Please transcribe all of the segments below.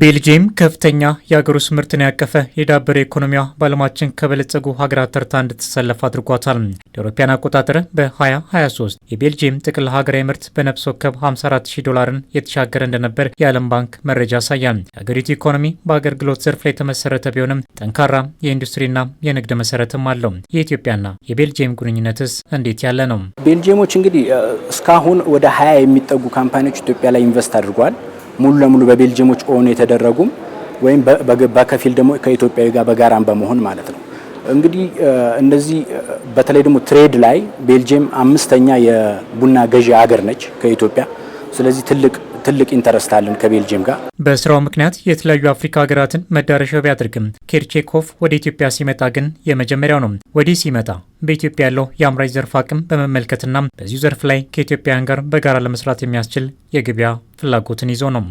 ቤልጅየም ከፍተኛ የአገር ውስጥ ምርትን ያቀፈ የዳበረ ኢኮኖሚዋ በዓለማችን ከበለጸጉ ሀገራት ተርታ እንድትሰለፍ አድርጓታል። ለአውሮፓውያን አቆጣጠር በ2023 የቤልጅየም ጥቅል ሀገራዊ ምርት በነፍስ ወከፍ 54 ዶላርን የተሻገረ እንደነበር የዓለም ባንክ መረጃ ያሳያል። የአገሪቱ ኢኮኖሚ በአገልግሎት ዘርፍ ላይ የተመሰረተ ቢሆንም ጠንካራ የኢንዱስትሪና የንግድ መሰረትም አለው። የኢትዮጵያና የቤልጅየም ግንኙነትስ እንዴት ያለ ነው? ቤልጅየሞች እንግዲህ እስካሁን ወደ 20 የሚጠጉ ካምፓኒዎች ኢትዮጵያ ላይ ኢንቨስት አድርጓል። ሙሉ ለሙሉ በቤልጅየሞች ኦን የተደረጉም ወይም በከፊል ደግሞ ከኢትዮጵያዊ ጋር በጋራም በመሆን ማለት ነው። እንግዲህ እነዚህ በተለይ ደግሞ ትሬድ ላይ ቤልጅየም አምስተኛ የቡና ገዢ ሀገር ነች ከኢትዮጵያ። ስለዚህ ትልቅ ትልቅ ኢንተረስት አለን ከቤልጅየም ጋር። በስራው ምክንያት የተለያዩ አፍሪካ ሀገራትን መዳረሻ ቢያደርግም ኬርቼኮፍ ወደ ኢትዮጵያ ሲመጣ ግን የመጀመሪያው ነው። ወዲህ ሲመጣ በኢትዮጵያ ያለው የአምራች ዘርፍ አቅም በመመልከትና በዚሁ ዘርፍ ላይ ከኢትዮጵያውያን ጋር በጋራ ለመስራት የሚያስችል የገበያ ፍላጎትን ይዞ ነው።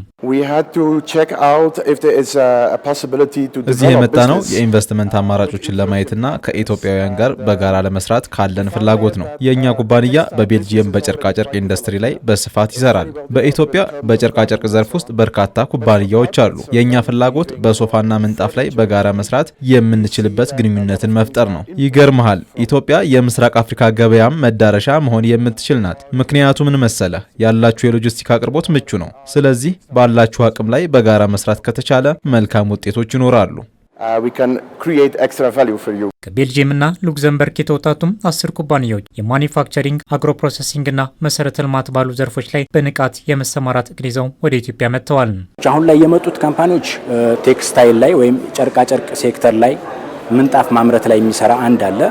እዚህ የመጣ ነው የኢንቨስትመንት አማራጮችን ለማየትና ከኢትዮጵያውያን ጋር በጋራ ለመስራት ካለን ፍላጎት ነው። የእኛ ኩባንያ በቤልጅየም በጨርቃጨርቅ ኢንዱስትሪ ላይ በስፋት ይሰራል። በኢትዮጵያ በጨርቃጨርቅ ዘርፍ ውስጥ በርካታ ኩባንያዎች አሉ። የእኛ ፍላጎት በሶፋና ምንጣፍ ላይ በጋራ መስራት የምንችልበት ግንኙነትን መፍጠር ነው። ይገርመሃል ኢትዮጵያ የምስራቅ አፍሪካ ገበያም መዳረሻ መሆን የምትችል ናት። ምክንያቱ ምን መሰለህ? ያላችሁ የሎጂስቲክ አቅርቦት ምቹ ነው። ስለዚህ ባላችሁ አቅም ላይ በጋራ መስራት ከተቻለ መልካም ውጤቶች ይኖራሉ። uh, ከቤልጅየምና ሉክዘምበርግ የተወጣቱም አስር ኩባንያዎች የማኒፋክቸሪንግ አግሮ እና መሰረተ ልማት ባሉ ዘርፎች ላይ በንቃት የመሰማራት እቅድ ይዘው ወደ ኢትዮጵያ መጥተዋል። አሁን ላይ የመጡት ካምፓኒዎች uh, ቴክስታይል ላይ ወይም ጨርቃጨርቅ ሴክተር ላይ ምንጣፍ ማምረት ላይ የሚሰራ አንድ አለ።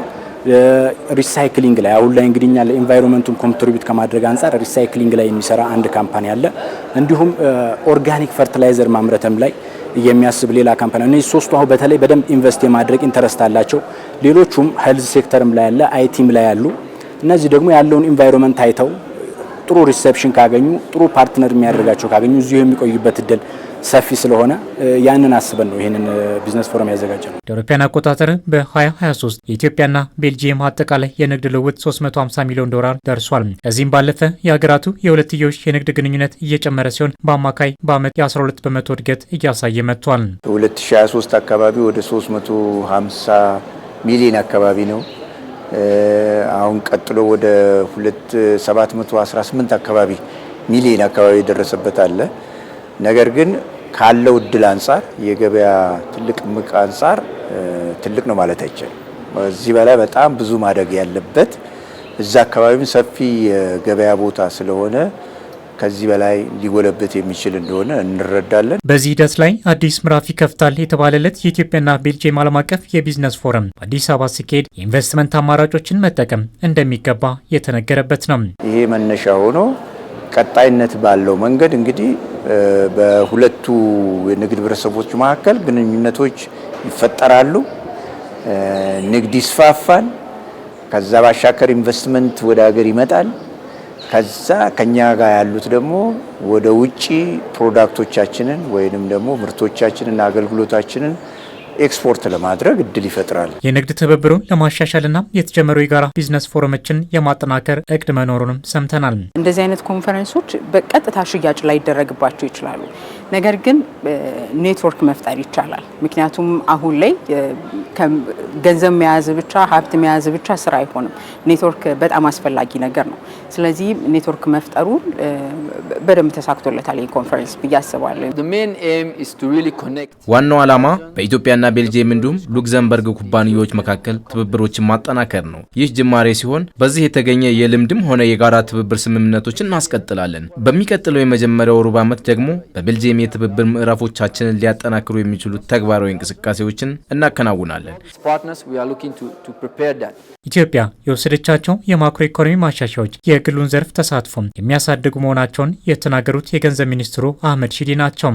ሪሳይክሊንግ ላይ አሁን ላይ እንግዲህ እኛ ለኢንቫይሮንመንቱን ኮንትሪቢዩት ከማድረግ አንጻር ሪሳይክሊንግ ላይ የሚሰራ አንድ ካምፓኒ አለ። እንዲሁም ኦርጋኒክ ፈርትላይዘር ማምረትም ላይ የሚያስብ ሌላ ካምፓኒ እነዚህ ሶስቱ አሁን በተለይ በደንብ ኢንቨስት የማድረግ ኢንተረስት አላቸው። ሌሎቹም ሄልዝ ሴክተርም ላይ ያለ አይቲም ላይ ያሉ እነዚህ ደግሞ ያለውን ኢንቫይሮንመንት አይተው ጥሩ ሪሴፕሽን ካገኙ ጥሩ ፓርትነር የሚያደርጋቸው ካገኙ እዚሁ የሚቆዩበት እድል ሰፊ ስለሆነ ያንን አስበን ነው ይህንን ቢዝነስ ፎረም ያዘጋጀ ነው። የአውሮፓውያን አቆጣጠር በ2023 የኢትዮጵያና ቤልጂየም አጠቃላይ የንግድ ልውውጥ 350 ሚሊዮን ዶላር ደርሷል። ከዚህም ባለፈ የሀገራቱ የሁለትዮሽ የንግድ ግንኙነት እየጨመረ ሲሆን በአማካይ በአመት የ12 በመቶ እድገት እያሳየ መጥቷል። 2023 አካባቢ ወደ 350 ሚሊዮን አካባቢ ነው። አሁን ቀጥሎ ወደ 2718 አካባቢ ሚሊዮን አካባቢ የደረሰበት አለ ነገር ግን ካለው እድል አንጻር የገበያ ትልቅ ምቅ አንጻር ትልቅ ነው ማለት አይቻልም። እዚህ በላይ በጣም ብዙ ማደግ ያለበት እዛ አካባቢም ሰፊ የገበያ ቦታ ስለሆነ ከዚህ በላይ ሊጎለበት የሚችል እንደሆነ እንረዳለን። በዚህ ሂደት ላይ አዲስ ምዕራፍ ይከፍታል የተባለለት የኢትዮጵያና ቤልጅየም ዓለም አቀፍ የቢዝነስ ፎረም በአዲስ አበባ ሲካሄድ የኢንቨስትመንት አማራጮችን መጠቀም እንደሚገባ የተነገረበት ነው። ይሄ መነሻ ሆኖ ቀጣይነት ባለው መንገድ እንግዲህ በሁለቱ የንግድ ህብረተሰቦች መካከል ግንኙነቶች ይፈጠራሉ፣ ንግድ ይስፋፋል። ከዛ ባሻገር ኢንቨስትመንት ወደ ሀገር ይመጣል። ከዛ ከኛ ጋር ያሉት ደግሞ ወደ ውጪ ፕሮዳክቶቻችንን ወይንም ደግሞ ምርቶቻችንን አገልግሎታችንን ኤክስፖርት ለማድረግ እድል ይፈጥራል። የንግድ ትብብሩን ለማሻሻልና የተጀመሩ የጋራ ቢዝነስ ፎረሞችን የማጠናከር እቅድ መኖሩንም ሰምተናል። እንደዚህ አይነት ኮንፈረንሶች በቀጥታ ሽያጭ ላይ ይደረግባቸው ይችላሉ። ነገር ግን ኔትወርክ መፍጠር ይቻላል። ምክንያቱም አሁን ላይ ገንዘብ መያዝ ብቻ ሀብት መያዝ ብቻ ስራ አይሆንም። ኔትወርክ በጣም አስፈላጊ ነገር ነው። ስለዚህ ኔትወርክ መፍጠሩ በደንብ ተሳክቶለታል ይህ ኮንፈረንስ ብዬ አስባለሁ። ዋናው ዓላማ በኢትዮጵያና ቤልጅየም እንዲሁም ሉክዘምበርግ ኩባንያዎች መካከል ትብብሮችን ማጠናከር ነው። ይህ ጅማሬ ሲሆን በዚህ የተገኘ የልምድም ሆነ የጋራ ትብብር ስምምነቶችን እናስቀጥላለን። በሚቀጥለው የመጀመሪያው ሩብ ዓመት ደግሞ በቤልጅየም ወይም የትብብር ምዕራፎቻችንን ሊያጠናክሩ የሚችሉ ተግባራዊ እንቅስቃሴዎችን እናከናውናለን። ኢትዮጵያ የወሰደቻቸው የማክሮ ኢኮኖሚ ማሻሻዎች የግሉን ዘርፍ ተሳትፎም የሚያሳድጉ መሆናቸውን የተናገሩት የገንዘብ ሚኒስትሩ አህመድ ሺዲ ናቸው።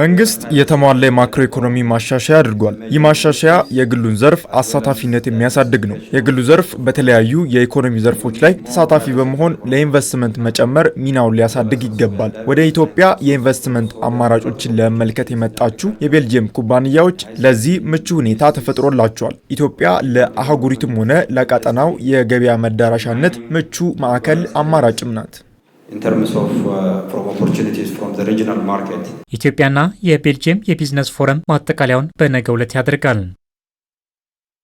መንግስት የተሟላ የማክሮ ኢኮኖሚ ማሻሻያ አድርጓል። ይህ ማሻሻያ የግሉን ዘርፍ አሳታፊነት የሚያሳድግ ነው። የግሉ ዘርፍ በተለያዩ የኢኮኖሚ ዘርፎች ላይ ተሳታፊ በመሆን ለኢንቨስትመንት መጨመር ሚናውን ሊያሳድግ ይገባል። ወደ ኢትዮጵያ የኢንቨስትመንት አማራጮችን ለመመልከት የመጣችው የቤልጅየም ኩባንያዎች ለዚህ ምቹ ሁኔታ ተፈጥሮላቸዋል። ኢትዮጵያ ለአህጉሪቱም ሆነ ለቀጠናው የገበያ መዳረሻነት ምቹ ማዕከል አማራጭም ናት። Uh, ኢትዮጵያና የቤልጅየም የቢዝነስ ፎረም ማጠቃለያውን በነገ ዕለት ያደርጋል።